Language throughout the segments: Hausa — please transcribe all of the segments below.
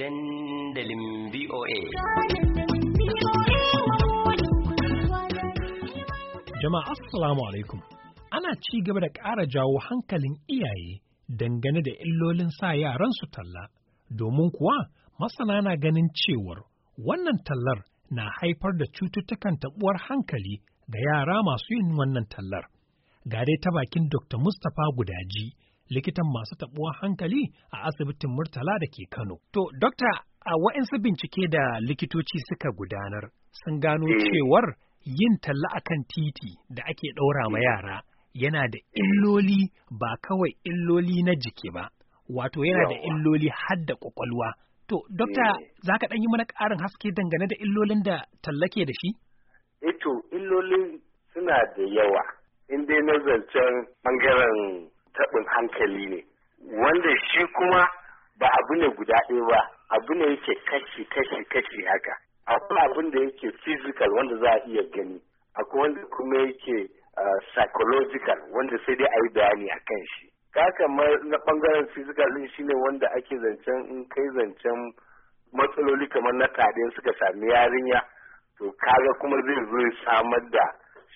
dandalin VOA. Jama'a Assalamu alaikum. Ana ci gaba da ƙara jawo hankalin iyaye dangane da illolin sa yaran su talla, domin kuwa masana na ganin cewar wannan tallar na haifar da cututtukan taɓuwar hankali ga yara masu yin wannan tallar. Ga dai ta bakin Dr. Mustapha Gudaji, likitan masu taɓuwa hankali a asibitin Murtala da ke Kano. To, Dokta, a wa'insu bincike da likitoci suka gudanar sun gano eh. cewar yin talla a kan titi da ake ɗaura ma eh. yara yana da illoli ba kawai illoli na jiki ba, wato yana da illoli hadda da ƙwaƙwalwa. To, Dokta, eh. za ka yi mana ƙarin haske dangane da illolin da talla ke da shi? Ito, illolin suna da yawa, in dai na ɓangaren taɓin hankali ne wanda shi kuma ba abu ne guda ɗaya ba abu ne yake kashi kashi kashi haka akwai abin da yake physical wanda za a iya gani akwai wanda kuma yake ah, psychological wanda sai dai a yi bayani a kan shi kamar na ɓangaren physical din shine wanda ake zancen in kai zancen matsaloli kamar na tare suka sami yarinya to kaga kuma zai zo samar da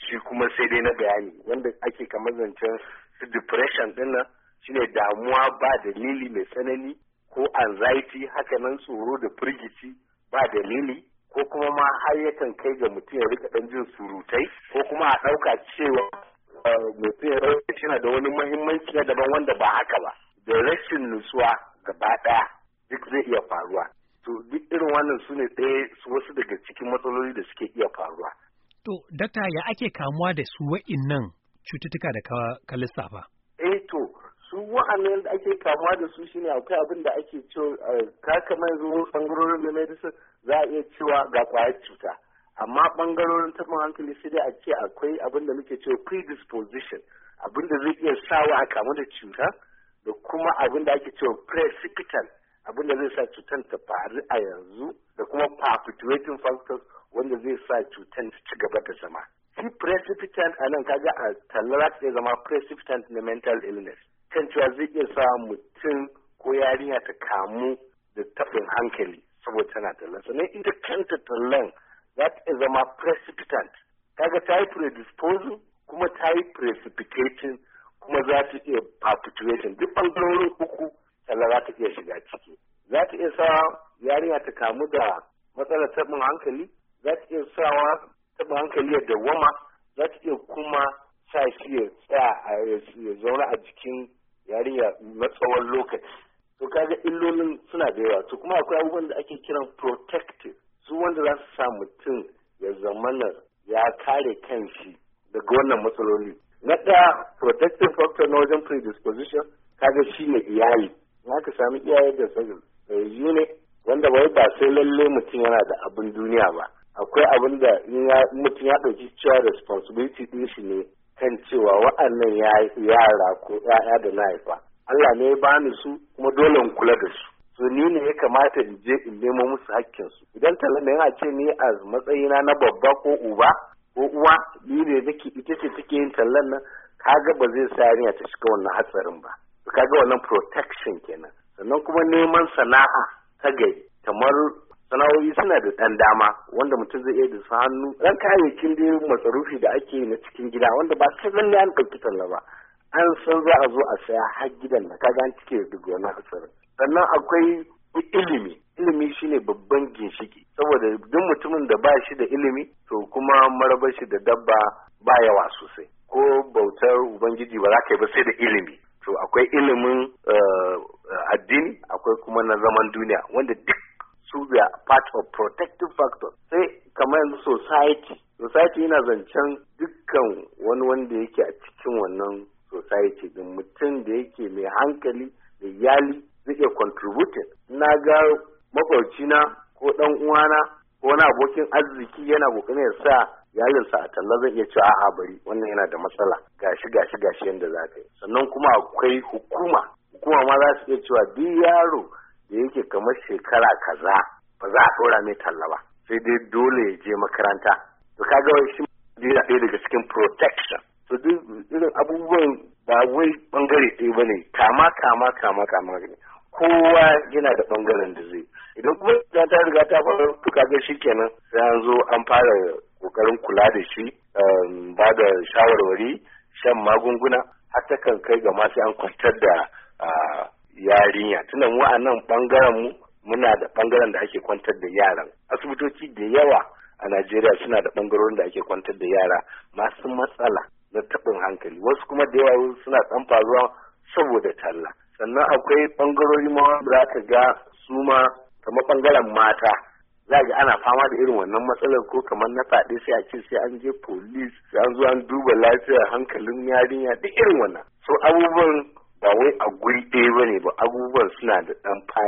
shi kuma sai dai na bayani wanda ake kamar zancen su depression din nan shine damuwa ba dalili mai tsanani ko anxiety haka nan tsoro da firgici ba dalili ko kuma ma har yakan kai ga mutum ya rika dan jin surutai ko kuma a ɗauka cewa eh, mutum ya da wani muhimmanci na daban wanda ba haka ba da rashin nutsuwa gaba ɗaya duk zai iya faruwa to duk irin wannan su ne ɗaya wasu daga cikin matsaloli da suke iya faruwa to data ya ake kamuwa da su wa'innan cututtuka da ka lissafa? Eh to, su wa'annan da ake kamuwa da su shine akwai abin da ake ce eh, ka kamar yanzu bangarorin da medicine za a iya cewa ga kwayar cuta. Amma bangarorin taɓin hankali sai dai a ce akwai abin da muke cewa predisposition abin da zai iya sawa a kamu da cuta da kuma abin da ake cewa precipitant abin da zai sa cutar ta faru a yanzu da kuma perpetuating factors wanda zai sa cutar ta ci gaba da zama. ti precipitant a nan kaga a tallar ta zama precipitant na mental illness kan cewa zai iya sa mutum ko yarinya ta kamu da tafin hankali saboda tana tallan sannan ita kanta tallan za ta iya zama precipitant kaga ta yi predisposing kuma ta yi precipitating kuma za ta iya perpetuating duk ɓangarorin uku tallan za ta iya shiga ciki za ta iya sa yarinya ta kamu da matsalar tabin hankali za ta iya sawa taɓa hankali yadda woma za ta iya kuma sa shi ya tsaya ya zauna a jikin yarinya na tsawon lokaci to kaga illolin suna da yawa to kuma akwai abubuwan da ake kiran protective su wanda za su sa mutum ya zamana ya kare kanshi daga wannan matsaloli na ɗaya protective factor na wajen predisposition kaga shi ne iyali in ka sami iyaye da sai ne wanda bai ba sai lalle mutum yana da abin duniya ba akwai abin da mutum ya ɗauki cewa responsibility ɗin shi ne kan cewa wa'annan yara ko ya'ya da na haifa Allah ne ya bani su kuma dole in kula da su so ni ne ya kamata in je in nemo musu hakkin su idan talaba yana ce ni a matsayina na babba ko uba ko uwa ni ne nake ita ce take yin tallan nan kaga ba zai sa yarinya ta shiga wannan hatsarin ba kaga wannan protection kenan sannan kuma neman sana'a ta gari kamar sana'o'i suna da ɗan dama wanda mutum zai iya da su hannu ɗan kayayyakin da masarufi da ake na cikin gida wanda ba su zan an ɗauki talla ba an san za a zo a saya har gidan na kaga an cike duk wani asirin sannan akwai ilimi ilimi shine babban ginshiki saboda duk mutumin da ba shi da ilimi to kuma marabar shi da dabba ba yawa sosai ko bautar ubangiji ba za ka yi ba sai da ilimi to akwai ilimin eh, addini akwai kuma na zaman duniya wanda duk su biya part of protective factor sai kamar yanzu society society yana zancen dukkan wani wanda yake a cikin wannan society da mutum da yake mai hankali da yali zai iya na ga makwabcina ko dan uwana ko wani abokin arziki yana kokarin ya sa yalinsa a talla zai iya cewa a bari wannan yana da matsala gashi gashi gashi yanda za ka yi sannan kuma akwai hukuma hukuma ma za su iya cewa duk yaro da yake kamar shekara kaza ba za a ɗora mai talla ba sai dai dole ya je makaranta to kaga shi yana ɗaya daga cikin protection to duk irin abubuwan ba wai bangare ɗaya ba ne kama kama kama kama ne kowa yana da bangaren da zai idan kuma ta riga ta faru to kaga shi kenan sai an zo an fara kokarin kula da shi ehm, ba da shawarwari shan magunguna har ta kan kai ga ma sai an kwantar da ah, yarinya tunda mu a bangaren mu muna da bangaren da ake kwantar da yaran asibitoci da yawa a Najeriya suna da bangarorin da ake kwantar da yara masu matsala na taɓin hankali wasu kuma da yawa suna ɗan faruwa saboda talla sannan akwai bangarori ma za ka ga su ma kamar bangaren mata za ga ana fama da irin wannan matsalar ko kamar na faɗi sai a ce sai an je police sai an zo an duba lafiyar hankalin yarinya duk irin wannan so abubuwan ba wai a guri ɗaya ba ne ba abubuwan suna da ɗan fadi